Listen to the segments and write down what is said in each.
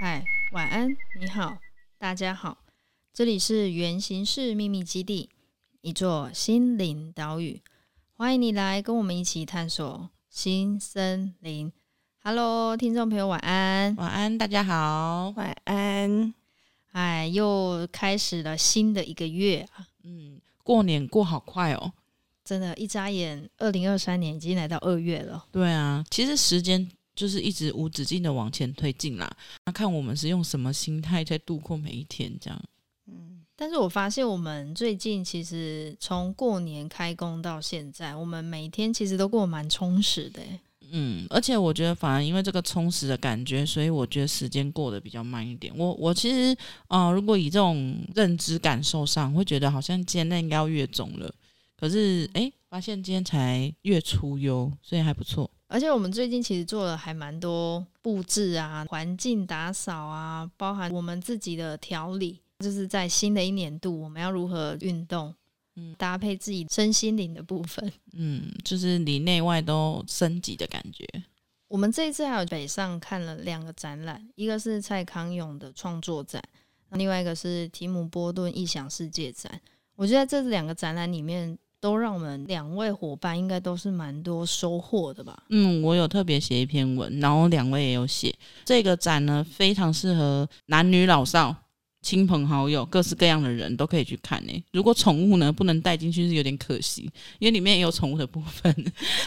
嗨，晚安，你好，大家好，這裡是源形式秘密基地。一座心靈島嶼，歡迎你來跟我們一起探索心森林。Hello，聽眾朋友，晚安，晚安，大家好，晚安。哎，又開始了新的一個月啊！嗯，過年過好快哦，真的，一眨眼，二零二三年已經來到二月了。對啊，其實時間就是一直無止境的往前推進啦。那看我們是用什麼心態在度過每一天，這樣。但是我發現，我們最近其實從過年開工到現在，我們每天其實都過得蠻充實的。嗯，而且我覺得反而因為這個充實的感覺，所以我覺得時間過得比較慢一點。我我其實啊、呃，如果以這種認知感受上，我會覺得好像今天應該要月中了，可是誒，發現今天才月初喲，所以還不錯。而且我們最近其實做了還蠻多布置啊，環境打掃啊，包含我們自己的調理。就是在新的一年度，我們要如何運動？嗯，搭配自己身心靈的部分，嗯，就是裡內外都升級的感覺。我們這一次還有北上看了兩個展覽，一個是蔡康永的創作展，另外一個是提姆波頓異想世界展。我覺得在這兩個展覽裡面，都讓我們兩位夥伴應該都是蠻多收穫的吧。嗯，我有特別寫一篇文，然後兩位也有寫。這個展呢，非常適合男女老少。親朋好友、各式各樣的人都可以去看呢、欸。如果寵物呢不能帶進去是有點可惜，因為裡面也有寵物的部分。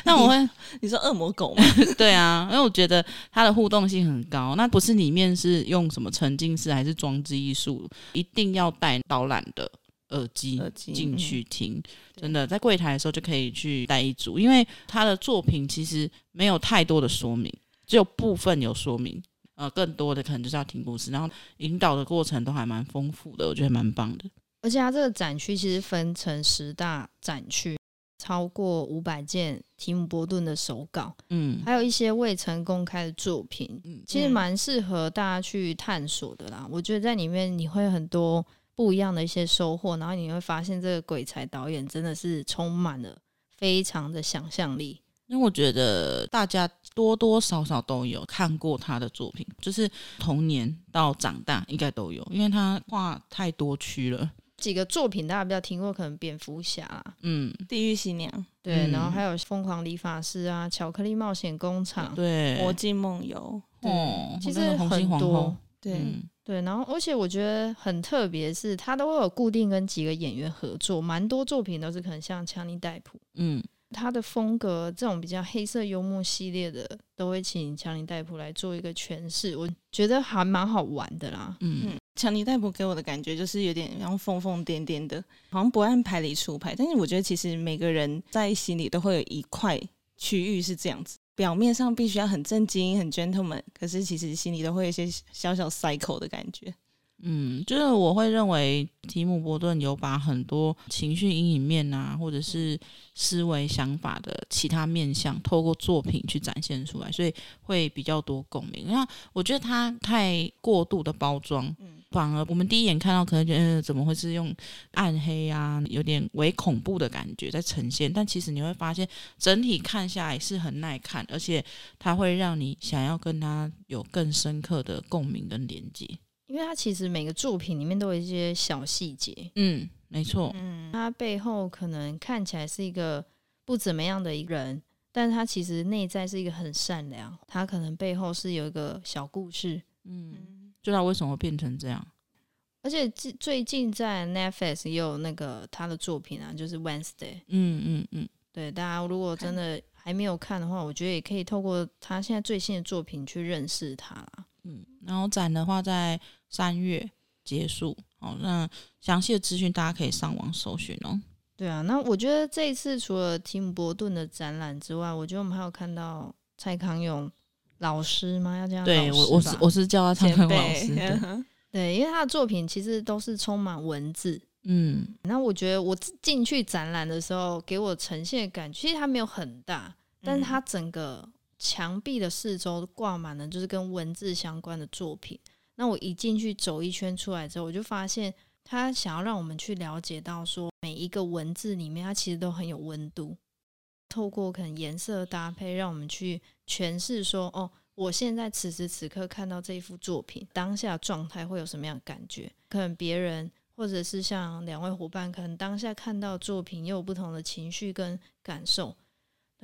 那我會你，你說惡魔狗嗎？ 對啊，因為我覺得它的互動性很高。那不是裡面是用什麼沉浸式還是裝置藝術？一定要帶導覽的耳機進去聽，真的在櫃台的時候就可以去帶一組，因為它的作品其實沒有太多的說明，只有部分有說明。更多的可能就是要聽故事，然後引導的過程都還蠻豐富的，我覺得蠻棒的。而且它這個展區其實分成十大展區，超過五百件提姆·波頓的手稿，嗯，還有一些未曾公開的作品，嗯，其實蠻適合大家去探索的啦，嗯。我覺得在裡面你會很多不一樣的一些收穫，然後你會發現這個鬼才導演真的是充滿了非常的想象力。因為我覺得大家多多少少都有看過他的作品，就是童年到長大應該都有，因為他畫太多區了。幾個作品大家比較聽過，可能蝙蝠俠，嗯，地獄新娘，對，然後還有瘋狂理髮師啊，巧克力冒險工廠，嗯，對，魔境夢遊，嗯，其實很多，對、嗯、對。然後，而且我覺得很特別的是，他都會有固定跟幾個演員合作，蠻多作品都是可能像強尼戴普，嗯。他的風格，這種比較黑色幽默系列的，都會請強尼戴普來做一個詮釋。我覺得還蠻好玩的啦。嗯，強尼戴普給我的感覺就是有點，然後瘋瘋癲癲的，好像不按牌理出牌。但是我覺得其實每個人在心裡都會有一塊區域是這樣子，表面上必須要很正經、很 gentleman，可是其實心裡都會有一些小小 cycle 的感覺。嗯，就是我會認為提姆·波頓有把很多情緒陰影面啊，或者是思維想法的其他面向，透過作品去展現出來，所以會比較多共鳴。那我覺得他太過度的包裝，反而我們第一眼看到可能覺得怎麼會是用暗黑啊，有點微恐怖的感覺在呈現，但其實你會發現整體看下來是很耐看，而且它會讓你想要跟他有更深刻的共鳴跟連接。因為他其實每個作品裡面都有一些小細節，嗯，沒錯，嗯，他背後可能看起來是一個不怎麼樣的一個人，但是他其實內在是一個很善良，他可能背後是有一個小故事，嗯，嗯，就他為什麼會變成這樣，而且最近在 Netflix 也有那個他的作品啊，就是 Wednesday，嗯嗯嗯，對，大家如果真的還沒有看的話，我覺得也可以透過他現在最新的作品去認識他啦嗯，然後展的話在三月結束。哦，那詳細的資訊大家可以上網搜尋哦。對啊，那我覺得這一次除了提姆波頓的展覽之外，我覺得我們還有看到蔡康永老師嗎？要叫他老師吧。對，我我是我是叫他蔡康永老師的、嗯。對，因為他的作品其實都是充滿文字。嗯，那我覺得我進去展覽的時候，給我呈現的感覺其實他沒有很大，但是他整個，牆壁的四周掛滿了就是跟文字相關的作品。那我一進去走一圈出來之後，我就發現他想要讓我們去了解到，說每一個文字裡面它其實都很有溫度。透過可能顏色的搭配，讓我們去詮釋說：哦，我現在此時此刻看到這一幅作品，當下狀態會有什麼樣的感覺？可能別人或者是像兩位夥伴，可能當下看到作品又有不同的情緒跟感受。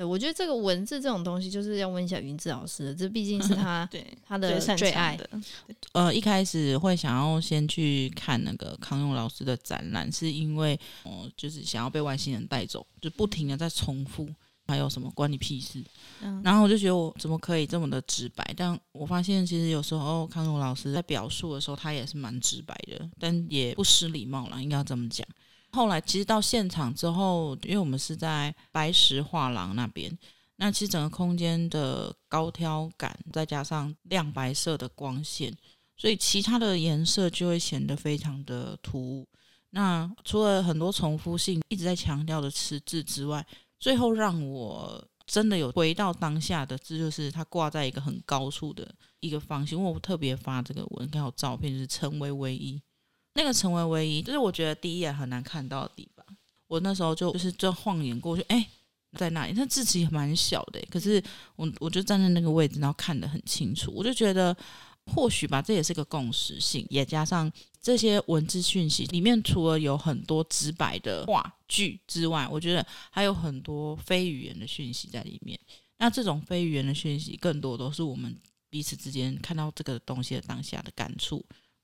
我覺得這個文字這種東西，就是要問一下芸子老師的，這畢竟是他， 對他的最愛最擅長的。呃，一開始會想要先去看那個康永老師的展覽，是因為，哦、呃，就是想要被外星人帶走，就不停的在重複，還有什麼關你屁事、嗯？然後我就覺得我怎麼可以這麼的直白？但我發現其實有時候、哦、康永老師在表述的時候，他也是蠻直白的，但也不失禮貌啦，應該要這麼講。後來其實到現場之後，因為我們是在白石畫廊那邊，那其實整個空間的高挑感，再加上亮白色的光線，所以其他的顏色就會顯得非常的突兀。那除了很多重複性一直在強調的詞字，之外，最後讓我真的有回到當下的字，就是它掛在一個很高處的一個方形。因為我特別發這個，文，應該照片，就是成為唯一。那個成為唯一，就是我覺得第一眼很難看到的地方。我那時候就就是就晃眼過去，哎、欸，在那裡，那字跡蠻小的。可是我我就站在那個位置，然後看得很清楚。我就覺得，或許吧，這也是個共時性，也加上這些文字訊息裡面，除了有很多直白的話句之外，我覺得還有很多非語言的訊息在裡面。那這種非語言的訊息，更多都是我們彼此之間看到這個東西的當下的感觸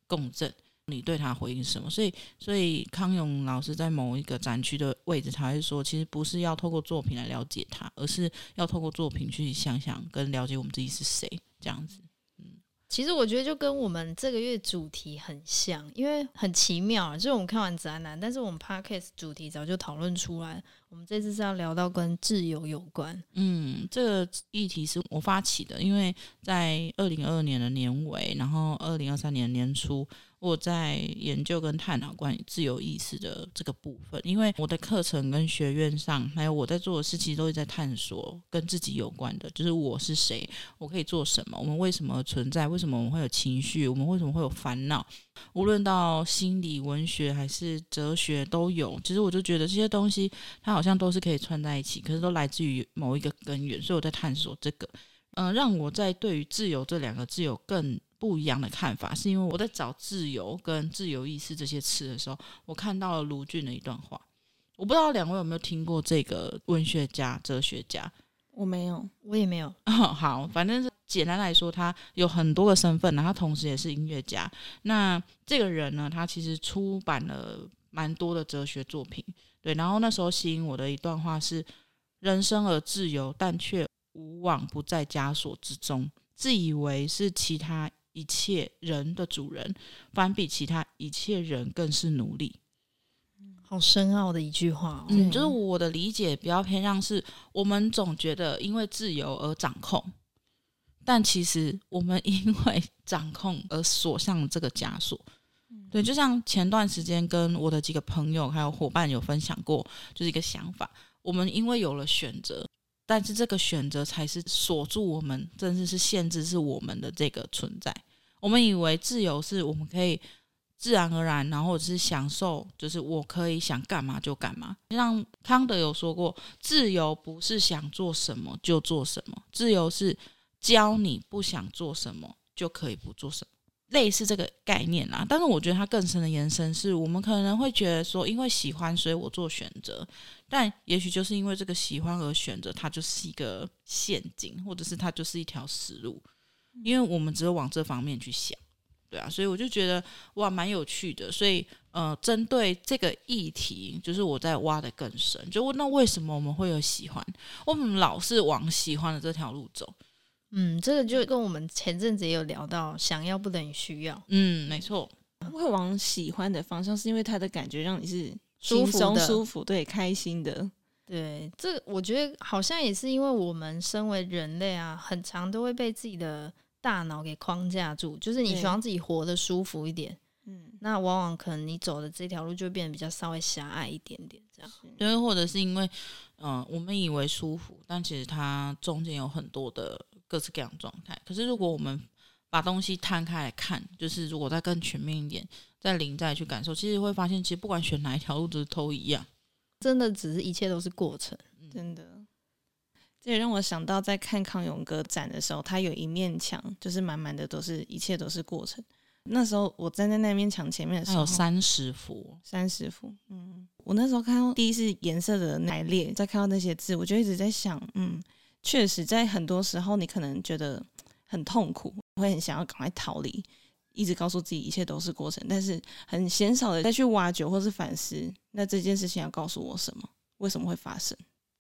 共振。你對他回應什麼？所以，所以康永老師在某一個展區的位置，他是說，其實不是要透過作品來了解他，而是要透過作品去想想跟了解我們自己是誰這樣子。嗯，其實我覺得就跟我們這個月主題很像，因為很奇妙。就是我們看完展覽，但是我們 Podcast 主題早就討論出來，我們這次是要聊到跟自由有關。嗯，這個議題是我發起的，因為在二零二二年的年尾，然後二零二三年的年初。我在研究跟探討關於自由意識的這個部分，因為我的課程跟學院上，還有我在做的事情都是在探索跟自己有關的，就是我是誰，我可以做什麼，我們為什麼存在，為什麼我們會有情緒，我們為什麼會有煩惱，無論到心理、文學還是哲學都有。其實我就覺得這些東西，它好像都是可以串在一起，可是都來自於某一個根源，所以我在探索這個，嗯，讓我在對於自由這兩個字有更不一樣的看法，是因為我在找“自由”跟“自由意識”這些詞的時候，我看到了盧俊的一段話。我不知道兩位有沒有聽過這個文學家、哲學家？我沒有，我也沒有。哦、好，反正是簡單來說，他有很多個身份，然後他同時也是音樂家。那這個人呢，他其實出版了蠻多的哲學作品。對，然後那時候吸引我的一段話是：“人生而自由，但卻無往不在枷鎖之中，自以為是其他。”一切人的主人，反比其他一切人更是奴隸。好深奧的一句話哦。嗯，就是我的理解比較偏向是：我們總覺得因為自由而掌控，但其實我們因為掌控而鎖上這個枷鎖。對，就像前段時間跟我的幾個朋友還有伙伴有分享過，就是一個想法：我們因為有了選擇，但是這個選擇才是鎖住我們，甚至是限制是我們的這個存在。我們以為自由是我們可以自然而然，然後就是享受，就是我可以想幹嘛就幹嘛。像康德有說過，自由不是想做什麼就做什麼，自由是教你不想做什麼就可以不做什麼。類似這個概念啊，但是我覺得它更深的延伸是我們可能會覺得說，因為喜歡所以我做選擇，但也許就是因為這個喜歡而選擇，它就是一個陷阱，或者是它就是一條死路。因為我們只有往這方面去想，對啊，所以我就覺得哇，蠻有趣的。所以呃，針對這個議題，就是我在挖得更深，就問那為什麼我們會有喜歡？我們老是往喜歡的這條路走？嗯，這個就跟我們前陣子也有聊到，想要不等於需要。嗯，沒錯，我會往喜歡的方向，是因為他的感覺讓你是舒服的、舒服、對開心的。對，這我覺得好像也是因為我們身為人類啊，很常都會被自己的。大腦給框架住，就是你希望自己活得舒服一點，嗯，那往往可能你走的這條路就會變得比較稍微狹隘一點點，這樣。對，或者是因為，嗯、呃，我們以為舒服，但其實它中間有很多的各式各樣狀態。可是如果我們把東西攤開來看，就是如果再更全面一點，再零再去感受，其實會發現，其實不管選哪一條路都都、就是、一樣，真的只是一切都是過程，嗯、真的。這也讓我想到，在看康永哥展的時候，他有一面牆，就是滿滿的都是一切都是過程。那時候我站在那面牆前面的時候，有三十幅，三十幅。嗯，我那時候看到第一是顏色的排列，再看到那些字，我就一直在想，嗯，確實在很多時候，你可能覺得很痛苦，會很想要趕快逃離，一直告訴自己一切都是過程，但是很鮮少的再去挖掘或是反思，那這件事情要告訴我什麼？為什麼會發生？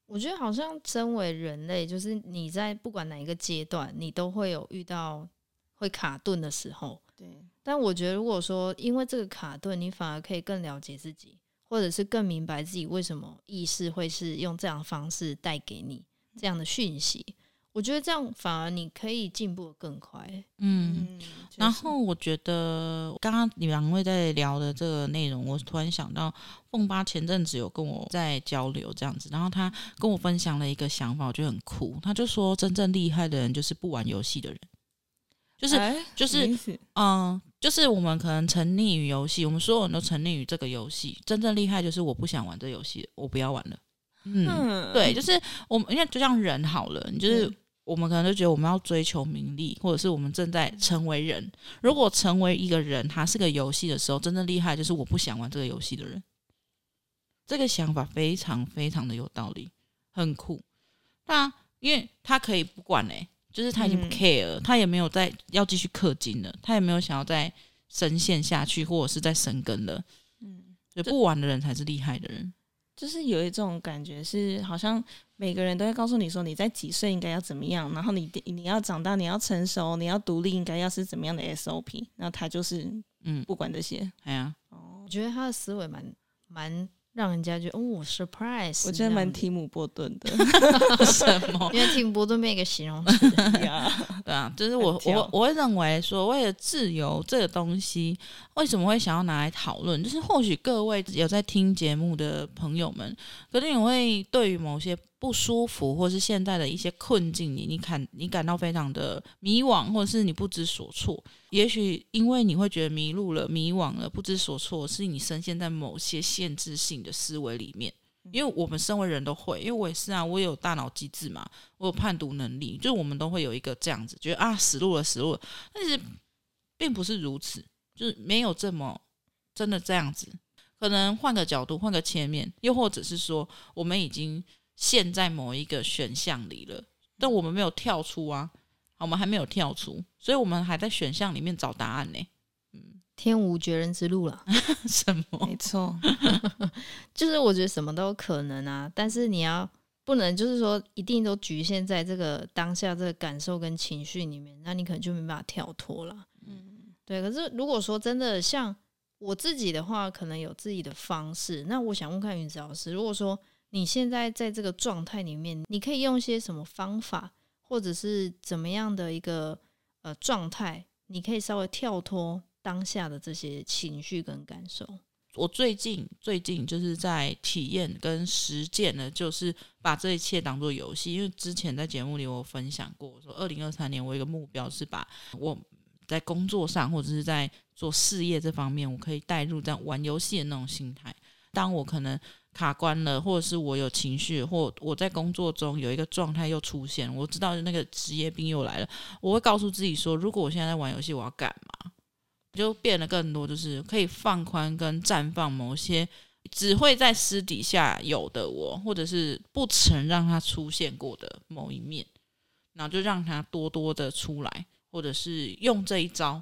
我覺得好像身為人類，就是你在不管哪一個階段，你都會有遇到會卡頓的時候。對，但我覺得如果說因為這個卡頓，你反而可以更了解自己，或者是更明白自己為什麼意識會是用這樣的方式帶給你這樣的訊息。嗯嗯我覺得這樣反而你可以進步的更快。嗯，然後我覺得剛剛你兩位在聊的這個內容，我突然想到鳳八前陣子有跟我在交流這樣子，然後他跟我分享了一個想法，我覺得很酷。他就說，真正厲害的人就是不玩遊戲的人，就是、欸、就是嗯、呃，就是我們可能沉溺於遊戲，我們所有人都沉溺於這個遊戲。真正厲害就是我不想玩這遊戲，我不要玩了。嗯，嗯對，就是我們因為就像人好了，你就是。嗯我們可能就覺得我們要追求名利，或者是我們正在成為人。如果成為一個人，他是個遊戲的時候，真正厲害的就是我不想玩這個遊戲的人。這個想法非常非常的有道理，很酷。那因為他可以不管嘞、欸，就是他已經不 care，嗯，他也沒有再要繼續氪金了，他也沒有想要再深陷下去或者是再深耕了。嗯，就不玩的人才是厲害的人。就是有一種感覺是好像。每個人都會告訴你說，你在幾歲應該要怎麼樣，然後你你要長大，你要成熟，你要獨立，應該要是怎麼樣的 SOP。那他就是，嗯，不管這些，哎、嗯、呀、啊哦，我覺得他的思維蠻蠻讓人家覺得，哦，我 surprise，我真的蠻提姆波頓的， 什麼？因為提姆波頓沒有一個形容詞， 對啊，就是我我我會認為說，為了自由這個東西，為什麼會想要拿來討論？就是或許各位有在聽節目的朋友們，可能你會對於某些。不舒服，或是現在的一些困境，你你感你感到非常的迷惘，或者是你不知所措。也許因為你會覺得迷路了、迷惘了、不知所措，是你深陷在某些限制性的思維裡面。嗯。因為我們身為人都會，因為我也是啊，我有大腦機制嘛，我有判讀能力，就我們都會有一個這樣子，覺得啊，死路了，死路了，但是並不是如此，就是沒有這麼真的這樣子。可能換個角度，換個切面，又或者是說，我們已經。陷在某一個選項裡了，但我們沒有跳出啊，我們還沒有跳出，所以我們還在選項裡面找答案呢、欸。嗯，天無絕人之路了， 什麼？沒錯， 就是我覺得什麼都可能啊，但是你要不能就是說一定都局限在這個當下這個感受跟情緒裡面，那你可能就沒辦法跳脫了。嗯，對。可是如果說真的像我自己的話，可能有自己的方式。那我想問看芸子老師，如果說。你現在在這個狀態裡面，你可以用些什麼方法，或者是怎麼樣的一個呃狀態，你可以稍微跳脫當下的這些情緒跟感受？我最近最近就是在體驗跟實踐呢，就是把這一切當做遊戲。因為之前在節目裡我有分享過，說二零二三年我有一個目標是把我在工作上或者是在做事業這方面，我可以帶入這樣玩遊戲的那種心態。當我可能。卡關了，或者是我有情緒，或我在工作中有一個狀態又出現，我知道那個職業病又來了。我會告訴自己說，如果我現在在玩遊戲，我要幹嘛？就變得更多，就是可以放寬跟綻放某些只會在私底下有的我，或者是不曾讓它出現過的某一面，然後就讓它多多的出來，或者是用這一招，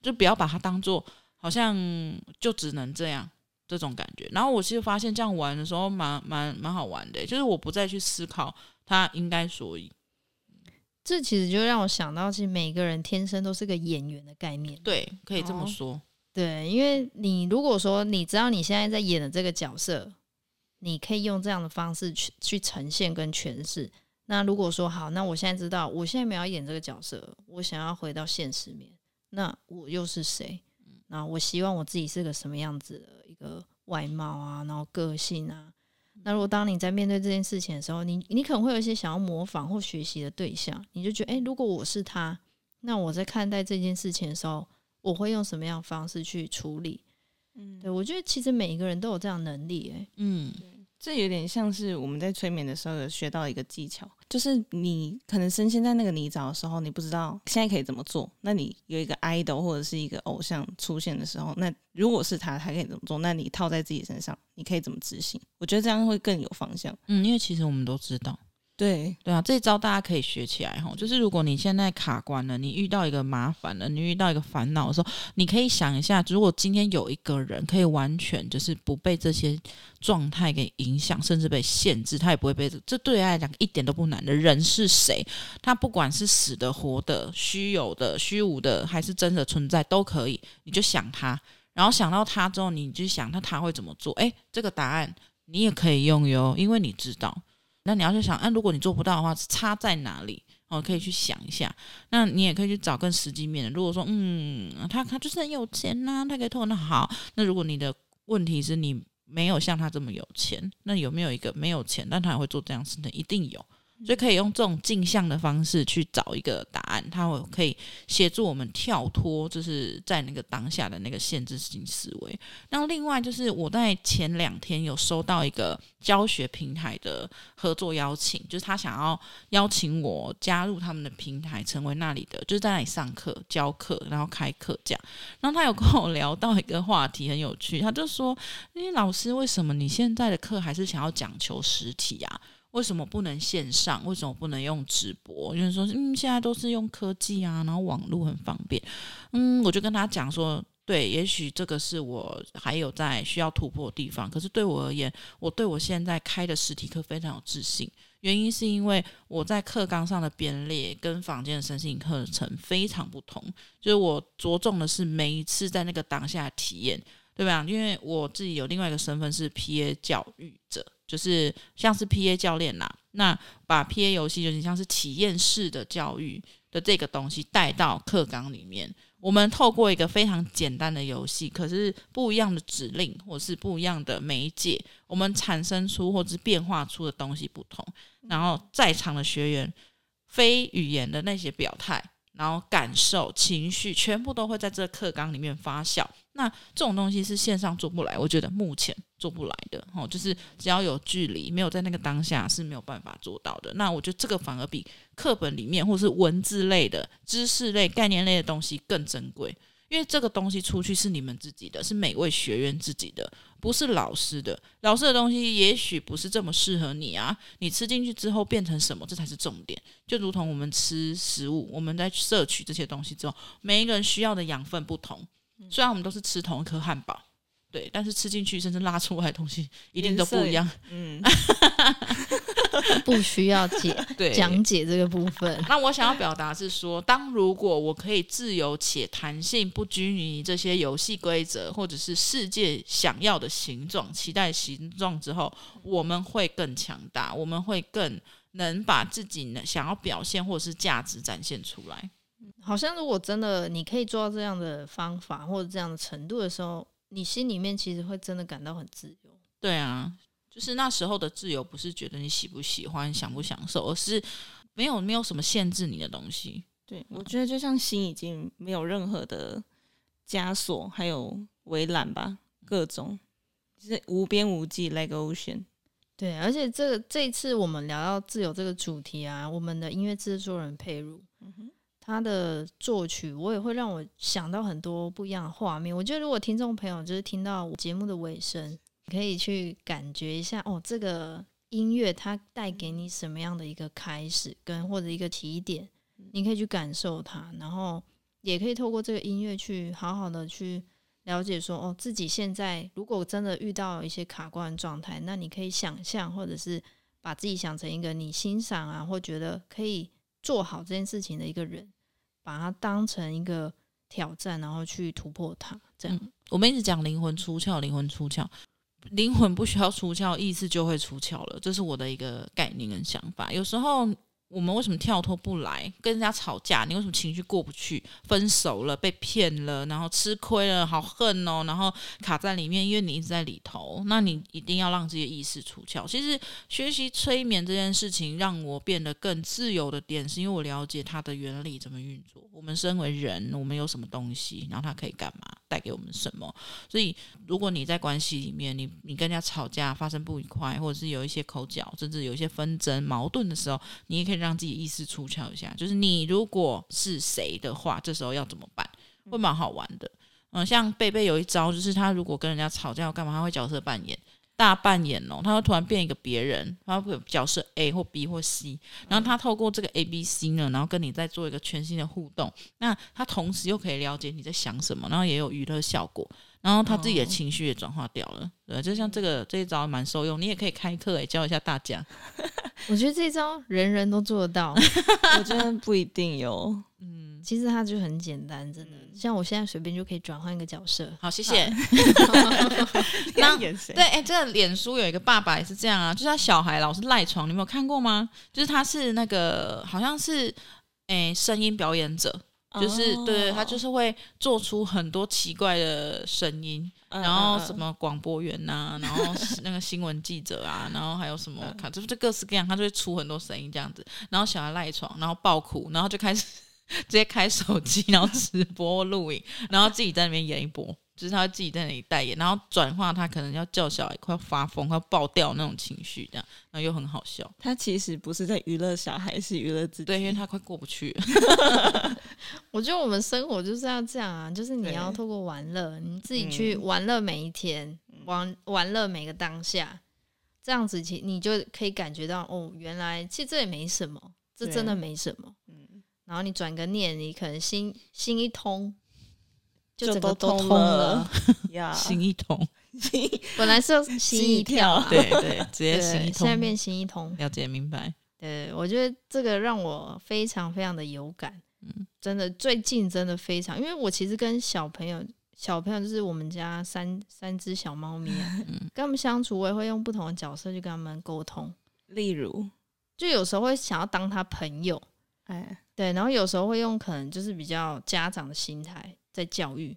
就不要把它當做好像就只能這樣。這種感覺，然後我其實發現這樣玩的時候蠻蠻蠻好玩的、欸，就是我不再去思考他應該所以，這其實就讓我想到，其實每個人天生都是個演員的概念，對，可以這麼說，對，因為你如果說你知道你現在在演的這個角色，你可以用這樣的方式去去呈現跟詮釋。那如果說好，那我現在知道我現在沒有演這個角色，我想要回到現實面，那我又是誰？那、嗯、我希望我自己是個什麼樣子的個外貌啊，然後個性啊，嗯、那如果當你在面對這件事情的時候，你你可能會有一些想要模仿或學習的對象，你就覺得，誒、欸，如果我是他，那我在看待這件事情的時候，我會用什麼樣的方式去處理？嗯，對，我覺得其實每一個人都有這樣的能力、欸，誒，嗯。這有點像是我們在催眠的時候有學到一個技巧，就是你可能深陷在那個泥沼的時候，你不知道現在可以怎麼做。那你有一個 idol 或者是一個偶像出現的時候，那如果是他，他可以怎麼做？那你套在自己身上，你可以怎麼執行？我覺得這樣會更有方向。嗯，因為其實我們都知道。對對啊，這一招大家可以學起來吼、哦，就是如果你現在卡關了，你遇到一個麻煩了，你遇到一個煩惱的時候，你可以想一下，如果今天有一個人可以完全就是不被這些狀態給影響，甚至被限制，他也不會被這。這對愛來講一點都不難的。人是誰？他不管是死的、活的、虛有的、虛無的，還是真的存在，都可以。你就想他，然後想到他之後，你就想他他會怎麼做。誒，這個答案你也可以用喲，因為你知道。那你要去想，那、啊、如果你做不到的話，差在哪裡？哦，可以去想一下。那你也可以去找更實際面的。如果說，嗯，他他就是很有錢吶、啊，他可以偷，那好。那如果你的問題是你沒有像他這麼有錢，那有沒有一個沒有錢，但他也會做這樣事情？一定有。就可以用這種鏡像的方式去找一個答案，它會可以協助我們跳脫，就是在那個當下的那個限制性思維。然後另外就是我在前兩天有收到一個教學平台的合作邀請，就是他想要邀請我加入他們的平台，成為那裡的，就是在那裡上課教課，然後開課這樣。然後他有跟我聊到一個話題，很有趣，他就說：“你、欸、老師，為什麼你現在的課還是想要講求實體啊？”為什麼不能線上？為什麼不能用直播？因為說，嗯，現在都是用科技啊，然後網絡很方便。嗯，我就跟他講說，對，也許這個是我還有在需要突破的地方。可是對我而言，我對我現在開的實體課非常有自信，原因是因為我在課綱上的編列跟坊間的身心課程非常不同，就是我着重的是每一次在那個當下體驗，對吧？因為我自己有另外一個身份是 PA 教育者。就是像是 P A 教練啦、啊，那把 P A 遊戲就點像是體驗式的教育的這個東西帶到課綱裡面。我們透過一個非常簡單的遊戲，可是不一樣的指令或是不一樣的媒介，我們產生出或是變化出的東西不同。然後在場的學員非語言的那些表態、然後感受、情緒，全部都會在這課綱裡面發酵。那這種東西是線上做不來，我覺得目前做不來的，哦，就是只要有距離，沒有在那個當下是沒有辦法做到的。那我覺得這個反而比課本裡面或是文字類的知識類概念類的東西更珍貴，因為這個東西出去是你們自己的，是每位學員自己的，不是老師的。老師的東西也許不是這麼適合你啊，你吃進去之後變成什麼，這才是重點。就如同我們吃食物，我們在攝取這些東西之後，每一個人需要的養分不同。雖然我們都是吃同一顆漢堡，對，但是吃進去甚至拉出來的東西一定都不一樣。嗯， 不需要解，對，講解這個部分。那我想要表達是說，當如果我可以自由且彈性不拘泥於這些遊戲規則或者是世界想要的形狀、期待形狀之後，我們會更強大，我們會更能把自己想要表現或者是價值展現出來。好像如果真的你可以做到這樣的方法或者這樣的程度的時候，你心裡面其實會真的感到很自由。對啊，就是那時候的自由，不是覺得你喜不喜歡、享不享受，而是沒有沒有什麼限制你的東西。對，我覺得就像心已經沒有任何的枷鎖，還有圍欄吧，各種就是無邊無際，like ocean。對，而且這個這一次我們聊到自由這個主題啊，我們的音樂製作人珮茹。嗯哼他的作曲，我也會讓我想到很多不一樣的畫面。我覺得，如果聽眾朋友就是聽到節目的尾聲，你可以去感覺一下哦，這個音樂它帶給你什麼樣的一個開始跟或者一個起點，你可以去感受它，然後也可以透過這個音樂去好好的去了解說哦，自己現在如果真的遇到一些卡關狀態，那你可以想象，或者是把自己想成一個你欣賞啊或覺得可以做好這件事情的一個人。把它當成一個挑戰，然後去突破它。這樣，嗯，我們一直講靈魂出竅，靈魂出竅，靈魂不需要出竅，意識就會出竅了。這是我的一個概念跟想法。有時候。我們為什麼跳脫不來？跟人家吵架，你為什麼情緒過不去？分手了，被騙了，然後吃虧了，好恨哦！然後卡在裡面，因為你一直在裡頭。那你一定要讓這些意識出竅。其實學習催眠這件事情，讓我變得更自由的點，是因為我了解它的原理怎麼運作。我們身為人，我們有什麼東西，然後它可以幹嘛，帶給我們什麼？所以，如果你在關係裡面，你你跟人家吵架，發生不愉快，或者是有一些口角，甚至有一些紛爭、矛盾的時候，你也可以。讓自己意識出竅一下，就是你如果是誰的話，這時候要怎麼辦？會蠻好玩的。嗯，像貝貝有一招，就是他如果跟人家吵架要幹嘛，他會角色扮演，大扮演哦，他會突然變一個別人，他會角色 A 或 B 或 C，然後他透過這個 A B C 呢，然後跟你再做一個全新的互動，那他同時又可以了解你在想什麼，然後也有娛樂效果。然後他自己的情緒也轉化掉了，哦、對，就像這個這一招蠻受用，你也可以開課哎，教一下大家。我覺得這一招人人都做得到， 我覺得不一定有。嗯，其實它就很簡單，真的，像我現在隨便就可以轉換一個角色。好，謝謝。 那對，哎，這個臉書有一個爸爸也是這樣啊，就是他小孩老是賴床，你有沒有看過嗎？就是他是那個好像是哎，聲音表演者。就是對，對，對，他就是會做出很多奇怪的聲音，嗯、然後什麼廣播員呐、啊嗯，然後那個新聞記者啊， 然後還有什麼，看就這各式各樣，他就會出很多聲音這樣子。然後小孩賴床，然後爆哭，然後就開始直接開手機，然後直播錄影，然後自己在那邊演一波。就是他自己在那裡代言，然後轉化他可能要叫小孩快發瘋、快要爆掉那種情緒，這樣，然後又很好笑。他其實不是在娛樂小孩，是娛樂自己。對，因為他快過不去了。 我覺得我們生活就是要這樣啊，就是你要透過玩樂，你自己去玩樂每一天，嗯、玩玩樂每個當下，這樣子，你你就可以感覺到哦，原來其實這也沒什麼，這真的沒什麼。嗯。然後你轉個念，你可能心心一通。就都，就都通了，yeah、心一通，本來是心一跳， 對，對對，直接心一通，現在變心一通，了解明白。對，我覺得這個讓我非常非常的有感，嗯，真的最近真的非常，因為我其實跟小朋友，小朋友就是我們家三三隻小貓咪、嗯，跟他們相處，我也會用不同的角色去跟他們溝通，例如就有時候會想要當他朋友，哎，對，然後有時候會用可能就是比較家長的心態。在教育，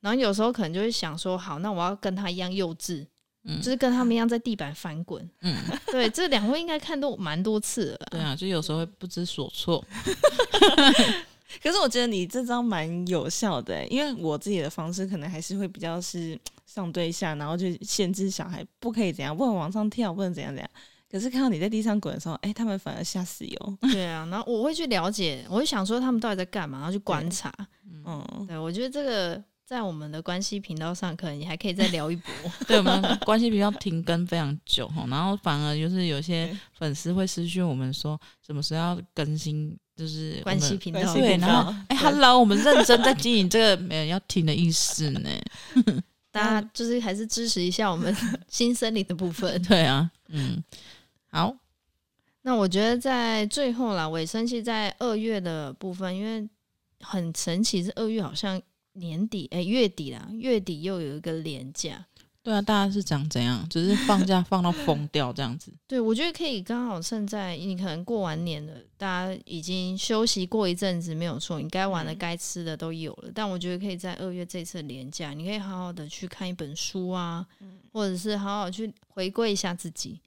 然後有時候可能就會想說，好，那我要跟他一樣幼稚、嗯，就是跟他們一樣在地板翻滾。嗯，對，這兩位應該看都蠻多次了吧？對啊，就有時候會不知所措。 可是我覺得你這招蠻有效的，因為我自己的方式可能還是會比較是上對下，然後就限制小孩不可以怎樣，不能往上跳，不能怎樣怎樣。可是看到你在地上滾的時候，哎、欸，他們反而嚇死哦。對啊，然後我會去了解，我會想說他們到底在幹嘛，然後去觀察嗯。嗯，對，我覺得這個在我們的關係頻道上，可能你還可以再聊一波。對，我們關係頻道停更非常久，齁，然後反而就是有些粉絲會私信我們說什麼時候要更新，就是關係頻道。對，然後哎、欸、Hello，我們認真在經營這個，沒人要停的意思呢。 大家就是還是支持一下我們心森林的部分。對啊，嗯。好，那我覺得在最後啦，尾聲其實在二月的部分，因為很神奇是二月好像年底，哎、欸、月底啦，月底又有一個連假。對啊，大家是講怎樣，只是放假放到瘋掉這樣子。 對，我覺得可以剛好趁，在你可能過完年了，大家已經休息過一陣子，沒有錯，你該玩的、該、嗯、吃的都有了。但我覺得可以在二月這次連假，你可以好好的去看一本書啊，或者是好好去回歸一下自己。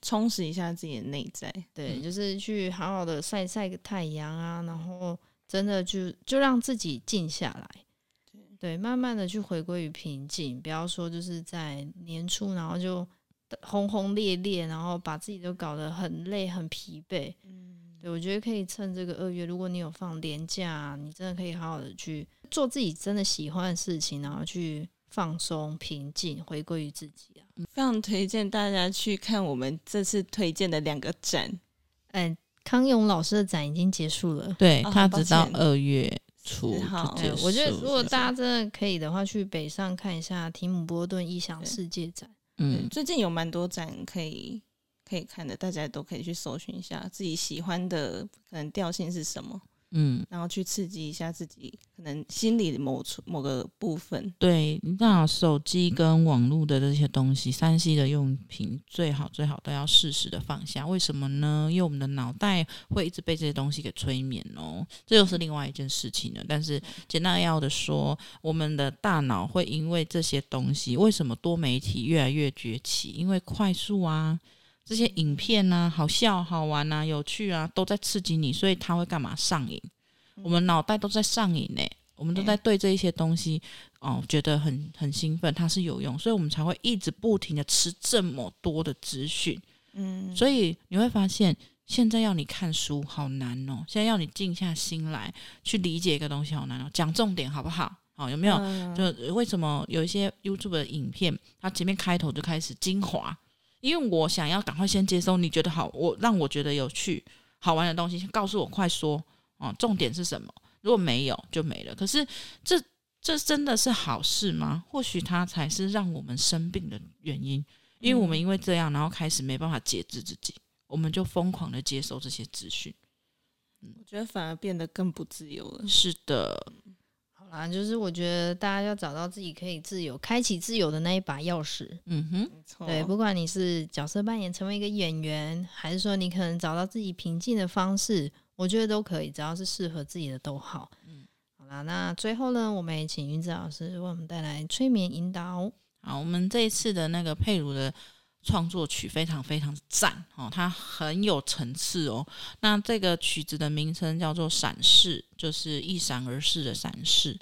充實一下自己的內在，對，嗯，就是去好好的曬曬個太陽啊，然後真的就就讓自己靜下來，對，對，慢慢的去回歸於平靜。不要說就是在年初，然後就轟轟烈烈，然後把自己都搞得很累很疲憊。嗯，對，我覺得可以趁這個二月，如果你有放年假啊，你真的可以好好的去做自己真的喜歡的事情，然後去。放鬆、平靜，回歸於自己、啊嗯、非常推薦大家去看我們這次推薦的兩個展。嗯，康永老師的展已經結束了，對，他直到二月初就結束了，哦，好好我覺得如果大家真的可以的話，去北上看一下提姆波頓異想世界展。嗯，最近有蠻多展可以可以看的，大家都可以去搜尋一下自己喜歡的，可能調性是什麼。嗯，然後去刺激一下自己，可能心裡的某處某個部分。對，那手機跟網絡的這些東西，三 C 的用品最好最好都要適時的放下。為什麼呢？因為我們的腦袋會一直被這些東西給催眠哦，這又是另外一件事情了。但是、嗯、簡單扼要的說、嗯，我們的大腦會因為這些東西，為什麼多媒體越來越崛起？因為快速啊。這些影片吶、啊，好笑、好玩吶、啊、有趣啊，都在刺激你，所以它會幹嘛上癮？嗯、我們腦袋都在上癮呢、欸，我們都在對這些東西、欸、哦覺得很很興奮，它是有用，所以我們才會一直不停的吃這麼多的資訊。嗯，所以你會發現，現在要你看書好難哦、喔，現在要你靜下心來去理解一個東西好難哦、喔，講重點好不好？好、哦，有沒有？嗯、就為什麼有一些 YouTube 的影片，它前面開頭就開始精華？因為我想要趕快先接收你覺得好，我讓我覺得有趣、好玩的東西，先告訴我，快說啊，嗯！重點是什麼？如果沒有就沒了。可是這這真的是好事嗎？或許它才是讓我們生病的原因，因為我們因為這樣，然後開始沒辦法節制自己，我們就瘋狂的接收這些資訊，嗯。我覺得反而變得更不自由了。是的。啊，就是我覺得大家要找到自己可以自由、開啟自由的那一把鑰匙。嗯哼，對，不管你是角色扮演，成為一個演員，還是說你可能找到自己平靜的方式，我覺得都可以，只要是適合自己的都好。嗯，好啦。那最後呢，我們也請芸子老師為我們帶來催眠引導。好，我們這一次的那個珮茹的，創作曲非常非常讚哦，它很有層次哦。那這個曲子的名稱叫做《閃逝》，就是一閃而逝的閃逝。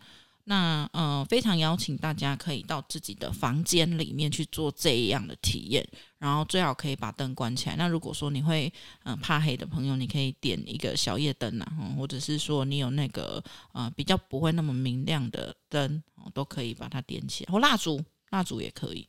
那呃，非常邀請大家可以到自己的房間裡面去做這樣的體驗，然後最好可以把燈關起來。那如果說你會嗯、呃、怕黑的朋友，你可以點一個小夜燈啊、哦，或者是說你有那個呃比較不會那麼明亮的燈哦，都可以把它點起來。或蠟燭，蠟燭也可以。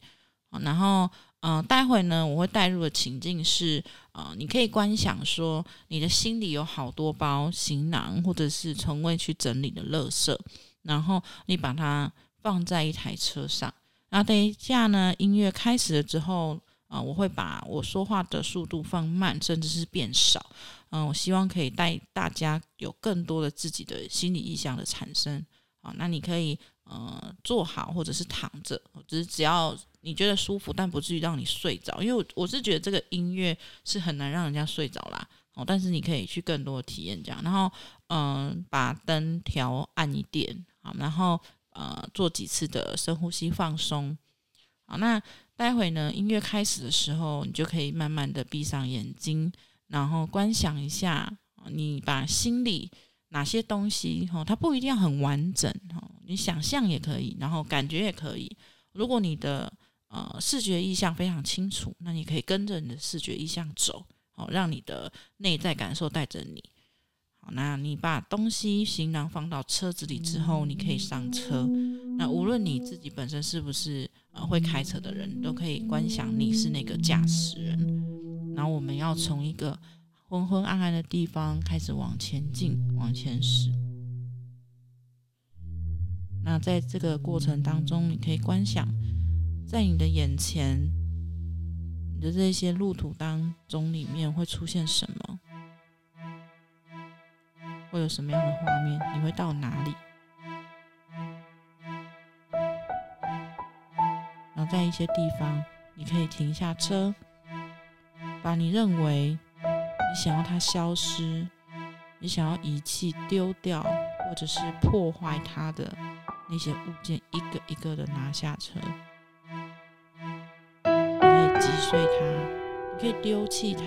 哦、然後。嗯、呃，待會呢，我會帶入的情境是，呃，你可以觀想說，你的心裡有好多包行囊，或者是從未去整理的垃圾，然後你把它放在一台車上，那等一下呢，音樂開始了之後，啊、呃，我會把我說話的速度放慢，甚至是變少，嗯、呃，我希望可以帶大家有更多的自己的心理意象的產生，好、呃，那你可以。嗯、呃，坐好，或者是躺着，只是只要你覺得舒服，但不至於讓你睡着。因為我是覺得這個音樂是很難讓人家睡着啦。哦，但是你可以去更多的體驗這樣。然後，嗯、呃，把燈調暗一點，好，然後呃，做幾次的深呼吸放鬆。好，那待會呢，音樂開始的時候，你就可以慢慢的閉上眼睛，然後觀想一下，你把心裡。哪些東西哈、哦？它不一定要很完整哈、哦，你想象也可以，然後感覺也可以。如果你的呃視覺意向非常清楚，那你可以跟着你的視覺意向走，哦，讓你的內在感受帶着你。好，那你把東西行囊放到車子裡之後，你可以上車。那無論你自己本身是不是呃會開車的人，都可以觀想你是那個駕駛人。然後我們要從一個。昏昏暗暗的地方開始往前進，往前駛。那在這個過程當中，你可以觀想，在你的眼前，你的這些路途當中裡面會出現什麼？會有什麼樣的畫面？你會到哪裡？然後在一些地方，你可以停下車，把你認為。你想要它消失，你想要遺棄、丟掉，或者是破壞它的那些物件，一個一個的拿下車，你可以擊碎它，你可以丟棄它，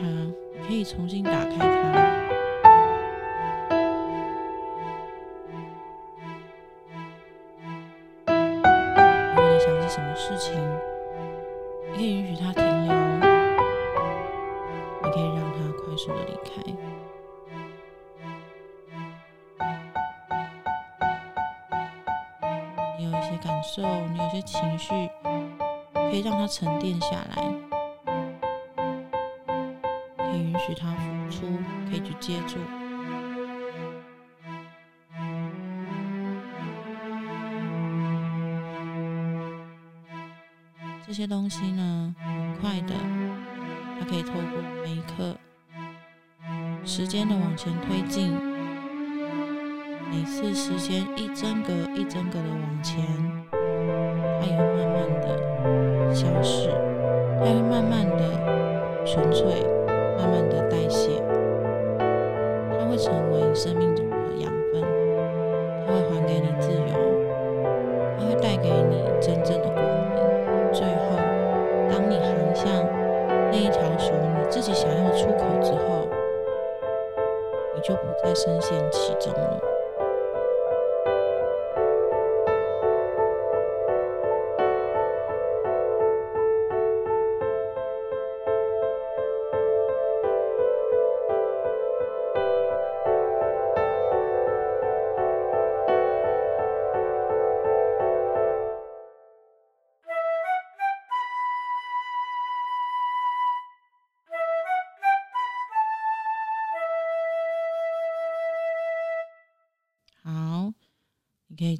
你可以重新打開它。你有些情緒，可以讓它沉澱下來，可以允許它付出，可以去接住這些東西呢？很快的，它可以透過每一刻時間的往前推進，每次時間一整格一整格的往前。它會慢慢的消失，它會慢慢的純粹，慢慢的代謝，它會成為你生命中的養分，它會還給你自由，它會帶給你真正的光明。最後，當你航向那一條屬於你自己想要的出口之後，你就不再深陷其中了。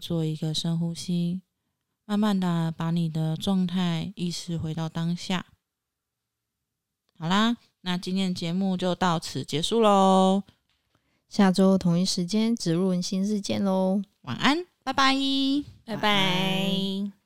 做一個深呼吸，慢慢的把你的狀態意識回到當下。好啦，那今天的節目就到此結束嘍。下周同一時間，植入新馨日見嘍。晚安，拜拜，拜拜。拜拜。